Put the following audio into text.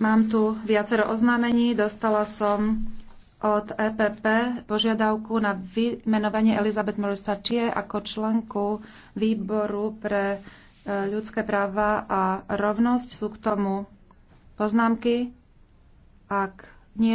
Mám tu viacero oznámení. Dostala som od EPP požiadavku na vymenovanie Elizabeth Morissatie ako členku výboru pre e, ľudské práva a rovnosť. Sú k tomu poznámky? Ak